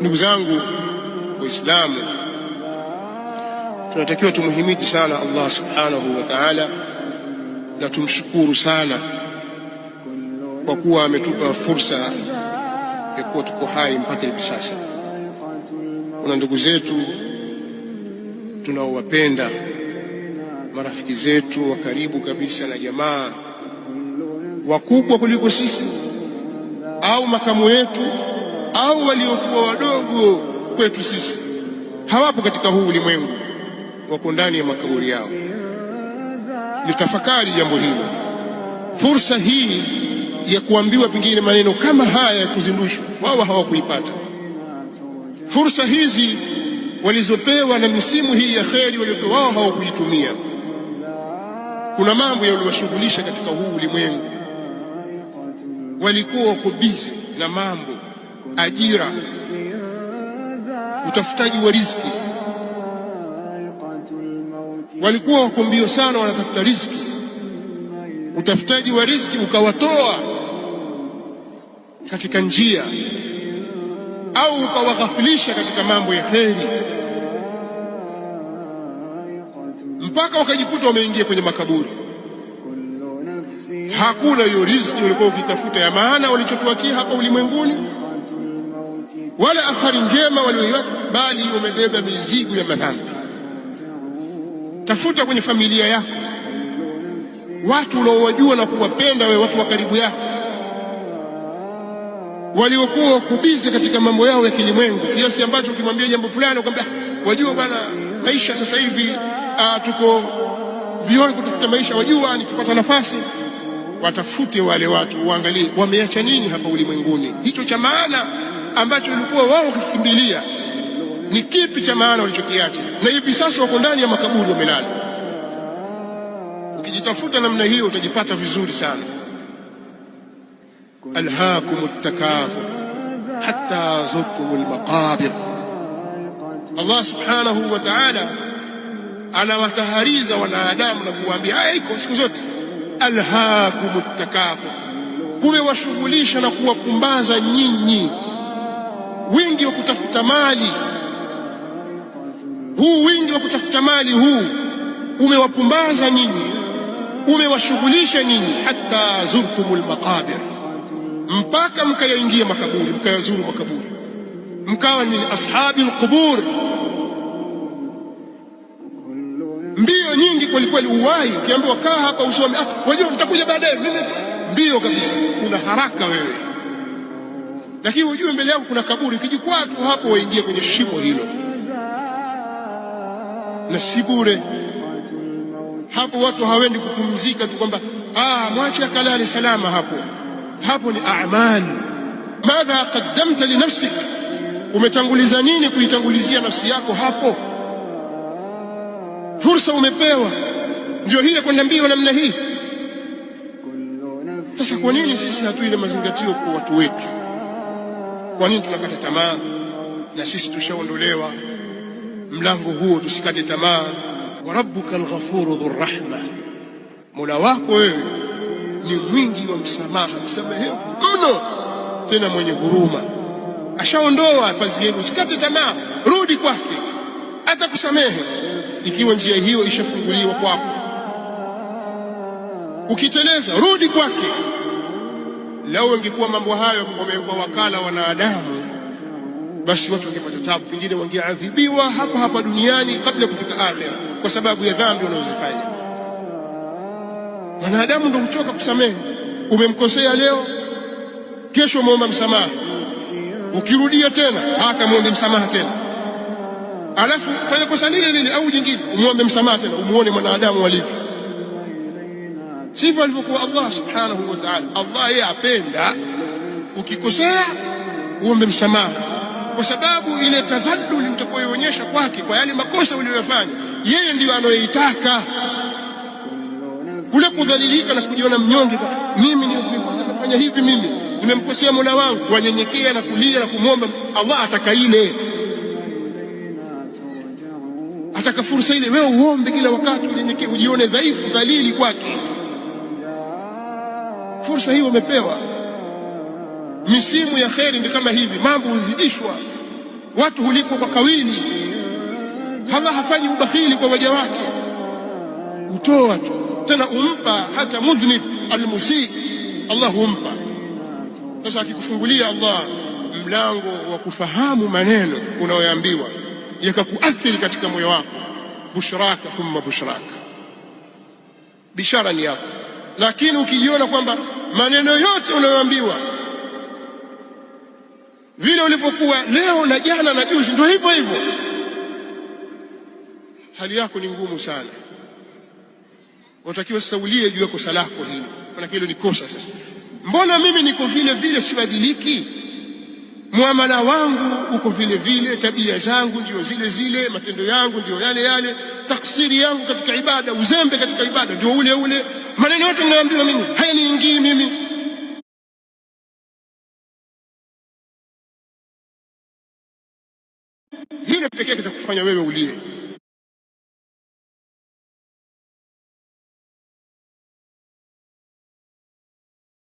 Ndugu zangu Waislamu, tunatakiwa tumhimidi sana Allah subhanahu wa ta'ala na tumshukuru sana kwa kuwa ametupa fursa ya kuwa tuko hai mpaka hivi sasa. Kuna ndugu zetu tunaowapenda, marafiki zetu wa karibu kabisa na jamaa, wakubwa kuliko sisi au makamu yetu au waliokuwa wadogo kwetu sisi, hawapo katika huu ulimwengu, wako ndani ya makaburi yao. Litafakari jambo hilo, fursa hii ya kuambiwa pengine maneno kama haya ya kuzindushwa, wao hawakuipata. Fursa hizi walizopewa na misimu hii ya kheri waliopewa wao hawakuitumia. Kuna mambo yaliwashughulisha katika huu ulimwengu, walikuwa wako bizi na mambo ajira, utafutaji wa riziki. Walikuwa wako mbio sana, wanatafuta riziki, utafutaji wa riziki ukawatoa katika njia au ukawaghafilisha katika mambo ya kheri, mpaka wakajikuta wameingia kwenye makaburi. Hakuna hiyo riziki walikuwa ukitafuta ya maana walichotuachia hapa ulimwenguni wala athari njema walioiwaka bali umebeba mizigo ya madhambi. Tafuta kwenye familia yako watu unaowajua na kuwapenda wewe, watu wa karibu yako waliokuwa wakubize katika mambo yao ya kilimwengu, kiasi ambacho ukimwambia jambo fulani ukamwambia, wajua bwana, maisha sasa hivi ah, tuko viona kutafuta maisha, wajua nikipata nafasi watafute wale watu, uangalie wameacha nini hapa ulimwenguni, hicho cha maana ambacho ulikuwa wao ukikimbilia, ni kipi cha maana walichokiacha? Na hivi sasa wako ndani ya makaburi wamelala. Ukijitafuta namna hiyo utajipata vizuri sana. alhakum takathur hatta zurtum lmaqabir. Allah subhanahu wa ta'ala anawatahariza wanadamu na kuwaambia haya iko siku zote, alhakum takathur, kumewashughulisha na kuwapumbaza nyinyi wingi wa kutafuta mali huu wingi wa kutafuta mali huu umewapumbaza nyinyi, umewashughulisha nyinyi, hata zurtumul maqabir, mpaka mkayaingia makaburi, mkayazuru makaburi, mkawa ni ashabi alqubur. Mbio nyingi kwelikweli, uwai ukiambiwa kaa hapa usome, ah, wajua nitakuja baadaye, mbio kabisa, una haraka wewe lakini ujue mbele yako kuna kaburi. Ukijikwaa tu hapo, waingie kwenye shimo hilo, na si bure. Hapo watu hawendi kupumzika tu kwamba ah, mwache akalale salama hapo. Hapo ni amali. Madha qaddamta li umetanguliza nini kuitangulizia nafsi yako hapo? Fursa umepewa ndio ya kwenda mbio namna hii. Sasa kwa nini sisi hatuile mazingatio kwa watu wetu? Kwa nini tunakata tamaa? Na sisi tushaondolewa mlango huo, tusikate tamaa. Wa rabbuka alghafuru dhurrahma, mola wako wewe ni mwingi wa msamaha, msamehevu mno, tena mwenye huruma. Ashaondoa pazi yenu, usikate tamaa, rudi kwake atakusamehe ikiwa njia hiyo ishafunguliwa kwako. Ukiteleza, rudi kwake. Lau wangekuwa mambo hayo wamekuwa wakala wanadamu, basi watu wangepata tabu, pengine wangeadhibiwa hapa hapa duniani kabla ya kufika akhera, kwa sababu ya dhambi wanazozifanya. Wanadamu ndio huchoka kusamehe. Umemkosea leo, kesho umeomba msamaha, ukirudia tena haka muombe msamaha tena, alafu fanya kosa lile lile au jingine, umwombe msamaha tena, umuone mwanadamu alivyo sivyo alivyokuwa Allah subhanahu wa ta'ala. Allah yeye apenda ukikosea uombe msamaha, kwa sababu ile tadhaluli utakayoonyesha kwake kwa yale makosa uliyoyafanya, yeye ndiyo anayoitaka. Kule kudhalilika na kujiona mnyonge, mimi nimekosa, nafanya hivi, mimi nimemkosea mola wangu, wanyenyekea na kulia na kumwomba Allah. Ataka ile ataka fursa ile, wewe uombe kila wakati, unyenyekee, ujione dhaifu, dhalili kwake fursa hii wamepewa. Misimu ya kheri ni kama hivi, mambo huzidishwa, watu hulipwa kwa kawili. Allah hafanyi ubakhili kwa waja wake, utoa tu, tena umpa hata mudhnib almusi, Allah humpa. Sasa akikufungulia Allah mlango wa kufahamu maneno unayoambiwa yakakuathiri katika moyo wako, bushraka thumma bushraka, bishara ni yako. Lakini ukijiona kwamba maneno yote unayoambiwa vile ulivyokuwa leo na jana na juzi, ndio hivyo hivyo. Hali yako ni ngumu sana, unatakiwa sasa ulie juu ya kosa lako hilo, maana hilo ni kosa. Sasa mbona mimi niko vile vile, sibadiliki? Muamala wangu uko vile vile, tabia zangu ndio zile zile, matendo yangu ndio yale yale, taksiri yangu katika ibada, uzembe katika ibada ndio ule ule maneno yote ninayoambiwa mimi hayaniingii mimi. Hilo pekee kitakufanya wewe ulie.